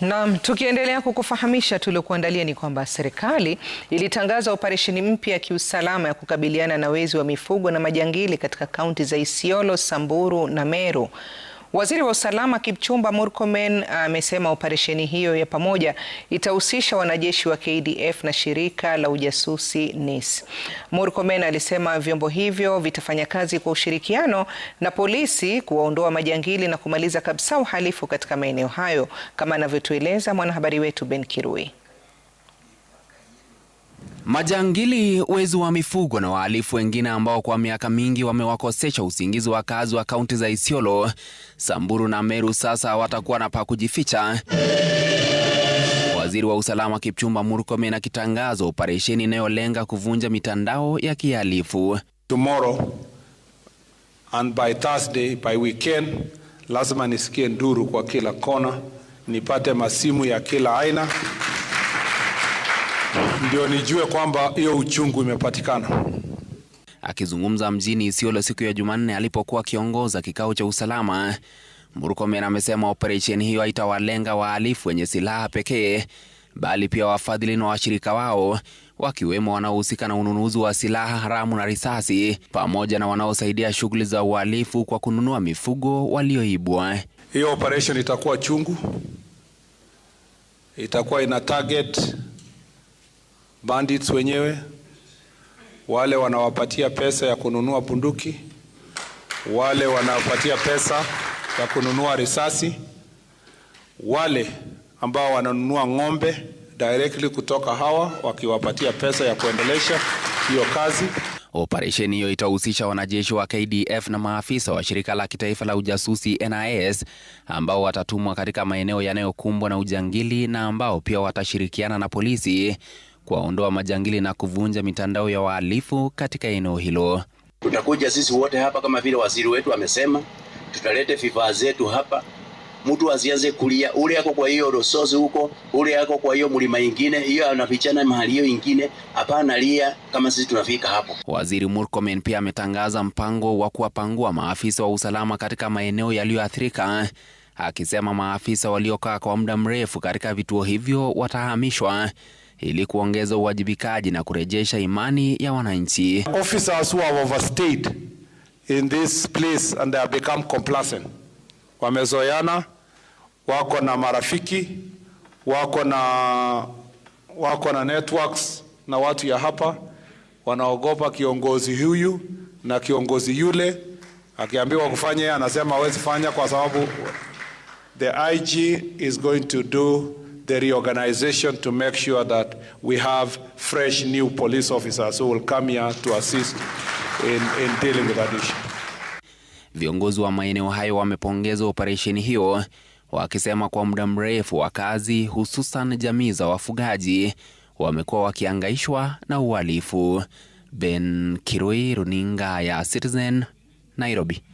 Naam, tukiendelea kukufahamisha tuliokuandalia ni kwamba serikali ilitangaza operesheni mpya ya kiusalama ya kukabiliana na wezi wa mifugo na majangili katika kaunti za Isiolo, Samburu na Meru. Waziri wa usalama Kipchumba Murkomen uh, amesema operesheni hiyo ya pamoja itahusisha wanajeshi wa KDF na shirika la ujasusi NIS. Murkomen alisema vyombo hivyo vitafanya kazi kwa ushirikiano na polisi kuwaondoa majangili na kumaliza kabisa uhalifu katika maeneo hayo, kama anavyotueleza mwanahabari wetu Ben Kirui. Majangili, wezi wa mifugo na wahalifu wengine ambao kwa miaka mingi wamewakosesha usingizi wakazi wa kaunti za Isiolo, Samburu na Meru sasa watakuwa na pa kujificha. Waziri wa usalama Kipchumba Murkomen akitangaza operesheni inayolenga kuvunja mitandao ya kihalifu. Tomorrow and by Thursday, by weekend, lazima nisikie nduru kwa kila kona, nipate masimu ya kila aina ndio nijue kwamba hiyo uchungu imepatikana. Akizungumza mjini Isiolo siku ya Jumanne alipokuwa akiongoza kikao cha usalama, Murkomen amesema operesheni hiyo haitawalenga wahalifu wenye silaha pekee, bali pia wafadhili na washirika wao wakiwemo wanaohusika na ununuzi wa silaha haramu na risasi pamoja na wanaosaidia shughuli za uhalifu kwa kununua mifugo walioibwa. Hiyo operation itakuwa chungu, itakuwa ina target bandits wenyewe, wale wanawapatia pesa ya kununua bunduki, wale wanawapatia pesa ya kununua risasi, wale ambao wananunua ng'ombe directly kutoka hawa wakiwapatia pesa ya kuendelesha hiyo kazi. Operesheni hiyo itahusisha wanajeshi wa KDF na maafisa wa shirika la kitaifa la ujasusi NIS ambao watatumwa katika maeneo yanayokumbwa na ujangili na ambao pia watashirikiana na polisi kuwaondoa majangili na kuvunja mitandao ya wahalifu katika eneo hilo. Tutakuja sisi wote hapa kama vile waziri wetu amesema, tutalete vifaa zetu hapa, mtu asianze kulia ule ako kwa hiyo Rosozi huko, ule ako kwa hiyo mlima ingine, hiyo anafichana mahali hiyo ingine, hapana lia kama sisi tunafika hapo. Waziri Murkomen pia ametangaza mpango wa kuwapangua maafisa wa usalama katika maeneo yaliyoathirika, akisema maafisa waliokaa kwa muda mrefu katika vituo hivyo watahamishwa ili kuongeza uwajibikaji na kurejesha imani ya wananchi. Officers who have overstayed in this place and they have become complacent, wamezoeana, wako na marafiki, wako na, wako na networks na watu ya hapa, wanaogopa kiongozi huyu na kiongozi yule, akiambiwa kufanya anasema hawezi fanya kwa sababu the IG is going to do the reorganization to make sure that we have fresh new police officers who will come here to assist in, in dealing with that issue. Viongozi wa maeneo hayo wamepongeza operesheni hiyo wakisema kwa muda mrefu wakazi hususan jamii za wafugaji wamekuwa wakiangaishwa na uhalifu. Ben Kirui, Runinga ya Citizen, Nairobi.